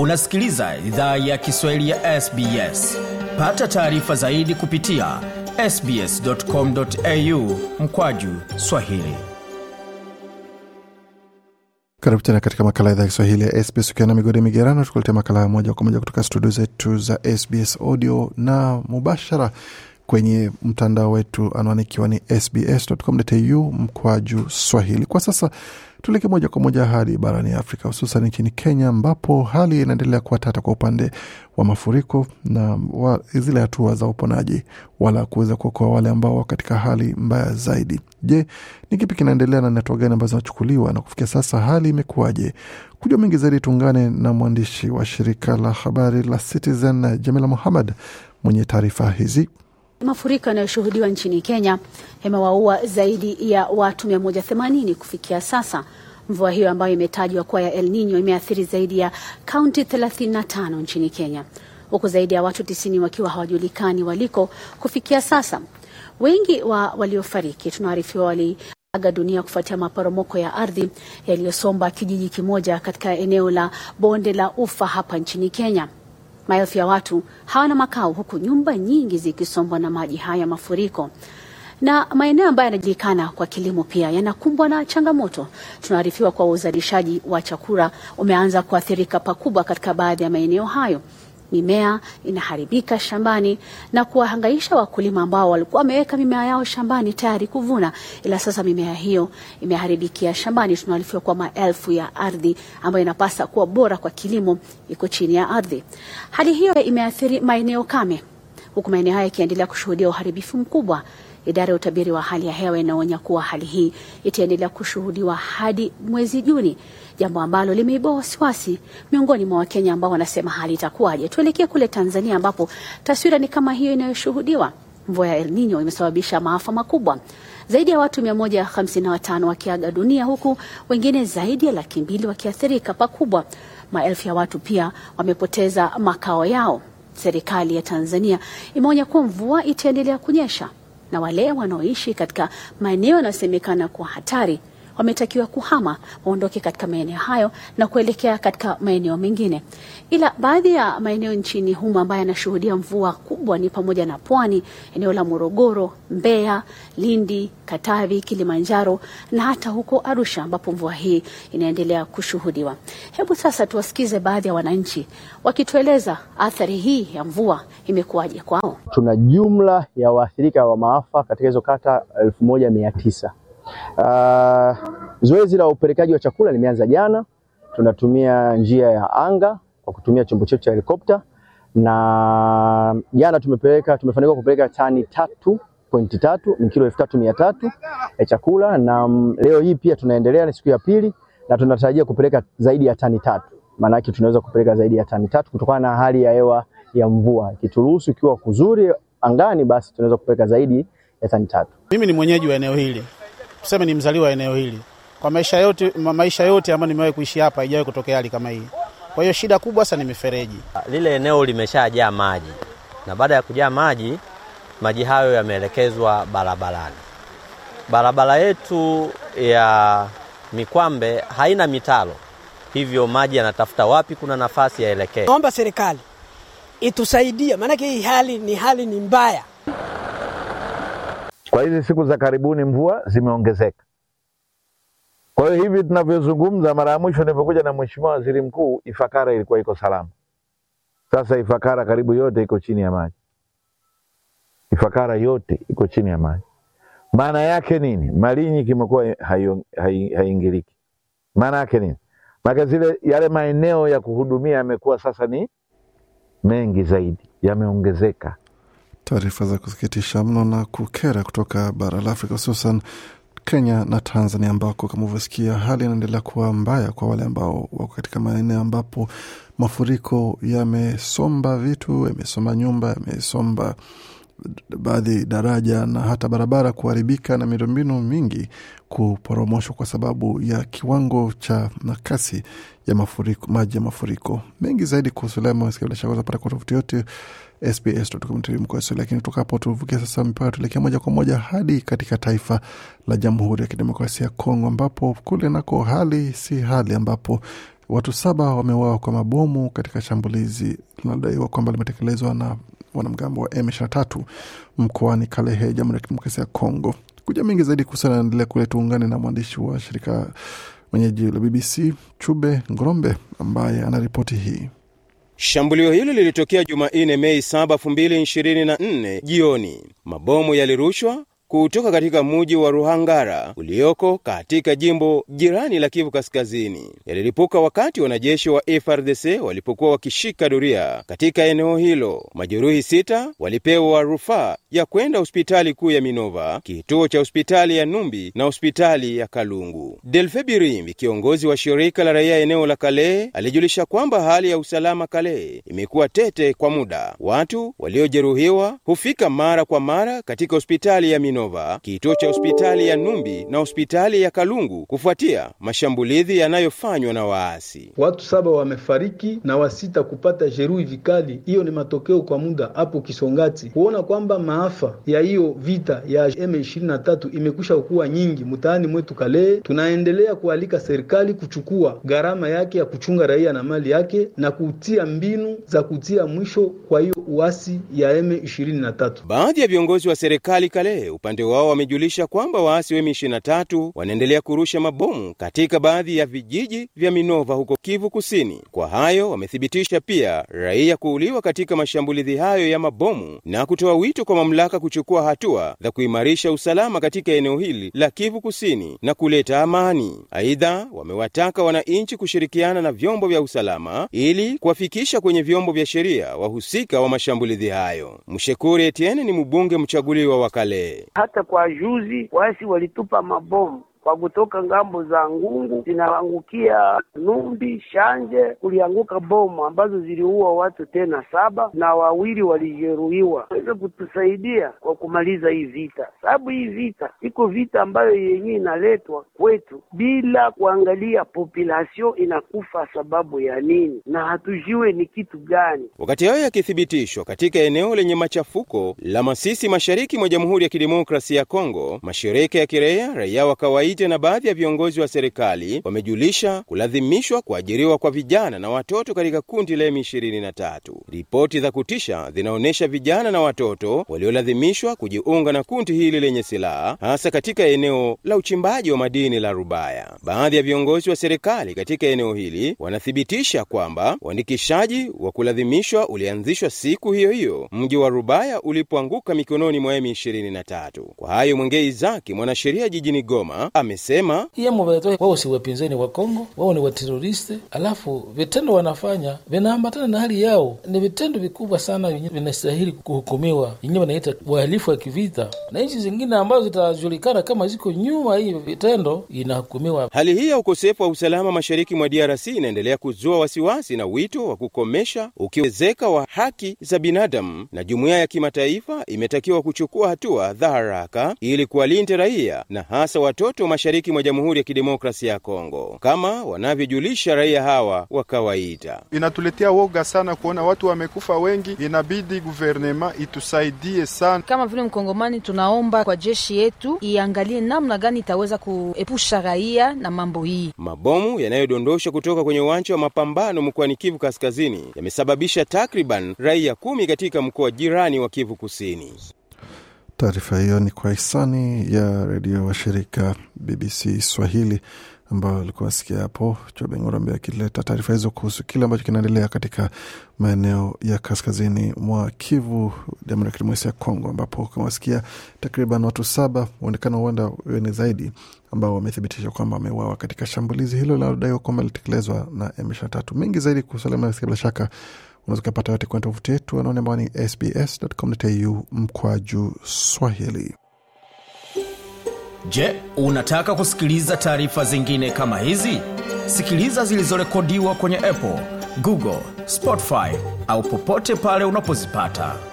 unasikiliza idhaa ya kiswahili ya sbs pata taarifa zaidi kupitia sbscomau mkwaju swahili karibu tena katika makala idhaa ya kiswahili ya sbs ukiwa na migodi migerano tukuletea makala moja kwa moja kutoka studio zetu za sbs audio na mubashara kwenye mtandao wetu anaanikiwa ni sbscomau mkwaju swahili kwa sasa Tuelekee moja kwa moja hadi barani Afrika, hususan nchini Kenya ambapo hali inaendelea kuwa tata kwa upande wa mafuriko na wa, zile hatua za uponaji wala kuweza kuokoa wale ambao katika hali mbaya zaidi. Je, ni kipi kinaendelea na ni hatua gani ambazo zinachukuliwa na kufikia sasa hali imekuwaje? Kujua mengi zaidi, tuungane na mwandishi wa shirika la habari la Citizen Jamila Muhammad mwenye taarifa hizi. Mafuriko yanayoshuhudiwa nchini Kenya yamewaua zaidi ya watu 180 kufikia sasa. Mvua hiyo ambayo imetajwa kuwa ya El Nino imeathiri zaidi ya kaunti 35 nchini Kenya, huku zaidi ya watu 90 wakiwa hawajulikani waliko kufikia sasa. Wengi wa waliofariki tunaarifiwa waliaga dunia kufuatia maporomoko ya ardhi yaliyosomba kijiji kimoja katika eneo la Bonde la Ufa hapa nchini Kenya. Maelfu ya watu hawana makao, huku nyumba nyingi zikisombwa na maji haya mafuriko na maeneo ambayo yanajulikana kwa kilimo pia yanakumbwa na changamoto. Tunaarifiwa kwa uzalishaji wa chakula umeanza kuathirika pakubwa katika baadhi ya maeneo hayo mimea inaharibika shambani na kuwahangaisha wakulima ambao walikuwa wameweka mimea yao shambani tayari kuvuna, ila sasa mimea hiyo imeharibikia shambani. Tunaharifiwa kwa maelfu ya ardhi ambayo inapasa kuwa bora kwa kilimo iko chini ya ardhi. Hali hiyo imeathiri maeneo kame, huku maeneo haya yakiendelea kushuhudia uharibifu mkubwa. Idara ya utabiri wa hali ya hewa inaonya kuwa hali hii itaendelea kushuhudiwa hadi mwezi Juni, jambo ambalo limeibua wasiwasi miongoni mwa Wakenya ambao wanasema hali itakuwaje. Tuelekee kule Tanzania ambapo taswira ni kama hiyo inayoshuhudiwa. Mvua ya El Nino imesababisha maafa makubwa, zaidi ya watu 155 wakiaga dunia huku wengine zaidi ya laki mbili wakiathirika pakubwa. Maelfu ya watu pia wamepoteza makao yao. Serikali ya Tanzania imeonya kuwa mvua itaendelea kunyesha na wale wanaoishi katika maeneo yanayosemekana kuwa hatari wametakiwa kuhama waondoke katika maeneo hayo na kuelekea katika maeneo mengine. Ila baadhi ya maeneo nchini humo ambayo yanashuhudia mvua kubwa ni pamoja na Pwani, eneo la Morogoro, Mbeya, Lindi, Katavi, Kilimanjaro na hata huko Arusha ambapo mvua hii inaendelea kushuhudiwa. Hebu sasa tuwasikize baadhi ya wananchi wakitueleza athari hii ya mvua imekuwaje kwao. Tuna jumla ya waathirika wa maafa katika hizo kata elfu moja mia tisa. Uh, zoezi la upelekaji wa chakula limeanza jana. Tunatumia njia ya anga kwa kutumia chombo chetu cha helikopta, na jana tumepeleka tumefanikiwa kupeleka tani tatu pointi tatu ni kilo elfu tatu mia tatu ya chakula, na mm, leo hii pia tunaendelea, na siku ya pili, na tunatarajia kupeleka zaidi ya tani tatu. Maana yake tunaweza kupeleka zaidi ya tani tatu kutokana na hali ya hewa ya mvua ikituruhusu, ikiwa kuzuri angani, basi tunaweza kupeleka zaidi ya tani tatu. Mimi ni mwenyeji wa eneo hili tuseme ni mzaliwa wa eneo hili, kwa maisha yote, maisha yote ambayo nimewahi kuishi hapa haijawahi kutokea hali kama hii. Kwa hiyo shida kubwa sana ni mifereji. Lile eneo limeshajaa maji, na baada ya kujaa maji, maji hayo yameelekezwa barabarani. Barabara yetu ya Mikwambe haina mitalo hivyo maji yanatafuta wapi kuna nafasi yaelekee. Naomba serikali itusaidie, maanake hii hali ni hali ni mbaya. Kwa hizi siku za karibuni mvua zimeongezeka. Kwa hiyo hivi tunavyozungumza, mara ya mwisho nilipokuja na mheshimiwa waziri mkuu, Ifakara ilikuwa iko salama. Sasa Ifakara karibu yote iko chini ya maji. Ifakara yote iko chini ya maji. Maana yake nini? Malinyi kimekuwa haiingiliki. Maana yake nini? Maana zile yale maeneo ya kuhudumia yamekuwa sasa ni mengi zaidi, yameongezeka. Taarifa za kusikitisha mno na kukera kutoka bara la Afrika hususan Kenya na Tanzania ambako kama ulivyosikia hali inaendelea kuwa mbaya kwa wale ambao wako katika maeneo ambapo mafuriko yamesomba vitu, yamesomba nyumba, yamesomba baadhi daraja na hata barabara kuharibika na miundombinu mingi kuporomoshwa kwa sababu ya kiwango cha na kasi ya mafuriko, maji ya mafuriko mengi zaidi. Kuhusu leo mawasika shaka zapata kwa tovuti yote sbs.com.au, lakini tukapo tuvukia sasa mpaka tuelekea moja kwa moja hadi katika taifa la Jamhuri ya Kidemokrasia ya Kongo, ambapo kule nako hali si hali, ambapo watu saba wameuawa kwa mabomu katika shambulizi linalodaiwa kwamba limetekelezwa na wanamgambo wa M23 mkoani Kalehe, Jamhuri ya Kidemokrasia ya Kongo. Kuja mengi zaidi kuhusiana naendelea kule, tuungane na mwandishi wa shirika mwenyeji la BBC Chube Ngorombe ambaye anaripoti hii. Shambulio hilo lilitokea Jumanne, Mei 7, 2024 jioni. Mabomu yalirushwa kutoka katika mji wa Ruhangara ulioko katika jimbo jirani la Kivu Kaskazini. Yalilipuka wakati wanajeshi wa FRDC walipokuwa wakishika doria katika eneo hilo. Majeruhi sita walipewa rufaa ya kwenda hospitali kuu ya Minova, kituo cha hospitali ya Numbi na hospitali ya Kalungu. Delfe Birimbi, kiongozi wa shirika la raia eneo la Kale, alijulisha kwamba hali ya usalama Kale imekuwa tete kwa muda. Watu waliojeruhiwa hufika mara kwa mara katika hospitali ya Minova, kituo cha hospitali ya Numbi na hospitali ya Kalungu kufuatia mashambulizi yanayofanywa na waasi. Watu saba wamefariki na wasita kupata jeruhi vikali. Hiyo ni matokeo kwa muda hapo Kisongati, kuona kwamba maafa ya hiyo vita ya M23 imekwisha kuwa nyingi mtaani mwetu Kale. Tunaendelea kualika serikali kuchukua gharama yake ya kuchunga raia na mali yake na kutia mbinu za kutia mwisho kwa hiyo uasi ya M23. Baadhi ya viongozi wa serikali Kale upande wao wamejulisha kwamba waasi wa M23 wanaendelea kurusha mabomu katika baadhi ya vijiji vya Minova huko Kivu Kusini. Kwa hayo wamethibitisha pia raia kuuliwa katika mashambulizi hayo ya mabomu na kutoa wito kwa mamlaka kuchukua hatua za kuimarisha usalama katika eneo hili la Kivu Kusini na kuleta amani. Aidha, wamewataka wananchi kushirikiana na vyombo vya usalama ili kuwafikisha kwenye vyombo vya sheria wahusika wa mashambulizi hayo. Mshekuri Etienne ni mbunge mchaguliwa wa Kale. Hata kwa juzi waasi walitupa mabomu kwa kutoka ngambo za Ngungu zinaangukia Numbi, Shanje, kulianguka bomu ambazo ziliua watu tena saba na wawili walijeruhiwa. weze kutusaidia kwa kumaliza hii vita, sababu hii vita iko vita ambayo yenyewe inaletwa kwetu bila kuangalia population inakufa sababu ya nini na hatujiwe ni kitu gani. Wakati hayo yakithibitishwa katika eneo lenye machafuko la Masisi, mashariki mwa Jamhuri ya Kidemokrasia ya Kongo, mashirika ya kiraia, raia wa kawaida Geita na baadhi ya viongozi wa serikali wamejulisha kulazimishwa kuajiriwa kwa vijana na watoto katika kundi la M23. Ripoti za kutisha zinaonyesha vijana na watoto waliolazimishwa kujiunga na kundi hili lenye silaha, hasa katika eneo la uchimbaji wa madini la Rubaya. Baadhi ya viongozi wa serikali katika eneo hili wanathibitisha kwamba uandikishaji wa kulazimishwa ulianzishwa siku hiyo hiyo mji wa Rubaya ulipoanguka mikononi mwa M23. Kwa hayo Mwengei Zaki, mwanasheria jijini Goma amesema iye muvaletwa wao si wapinzani wa Kongo, wao ni wateroriste, alafu vitendo wanafanya vinaambatana na hali yao. Ni vitendo vikubwa sana vinastahili kuhukumiwa, yenyewe wanaita wahalifu wa kivita, na nchi zingine ambazo zitajulikana kama ziko nyuma hii vitendo inahukumiwa. Hali hii ya ukosefu wa usalama mashariki mwa DRC inaendelea kuzua wasiwasi na wito wa kukomesha ukiwezeka wa haki za binadamu, na jumuiya ya kimataifa imetakiwa kuchukua hatua dharaka ili kuwalinda raia na hasa watoto mashariki mwa Jamhuri ya Kidemokrasia ya Kongo, kama wanavyojulisha raia hawa wa kawaida. Inatuletea woga sana kuona watu wamekufa wengi, inabidi guvernema itusaidie sana. Kama vile Mkongomani, tunaomba kwa jeshi yetu iangalie namna gani itaweza kuepusha raia na mambo hii. Mabomu yanayodondosha kutoka kwenye uwanja wa mapambano mkoani Kivu Kaskazini yamesababisha takriban raia kumi katika mkoa jirani wa Kivu Kusini Taarifa hiyo ni kwa hisani ya redio wa shirika BBC Swahili ambayo alikuwa asikia hapo Chobengura ambaye akileta taarifa hizo kuhusu kile ambacho kinaendelea katika maeneo ya kaskazini mwa Kivu, Jamhuri ya Kidemokrasia ya Kongo, ambapo kumewasikia takriban watu saba, waonekana huenda ni zaidi, ambao wamethibitisha kwamba wameuawa katika shambulizi hilo linalodaiwa kwamba lilitekelezwa na M23. Mengi zaidi kuhusu bila shaka unaweza ukapata yote kwenye tovuti yetu anaone ambao ni sbs.com.au mkwaju swahili je unataka kusikiliza taarifa zingine kama hizi sikiliza zilizorekodiwa kwenye apple google spotify au popote pale unapozipata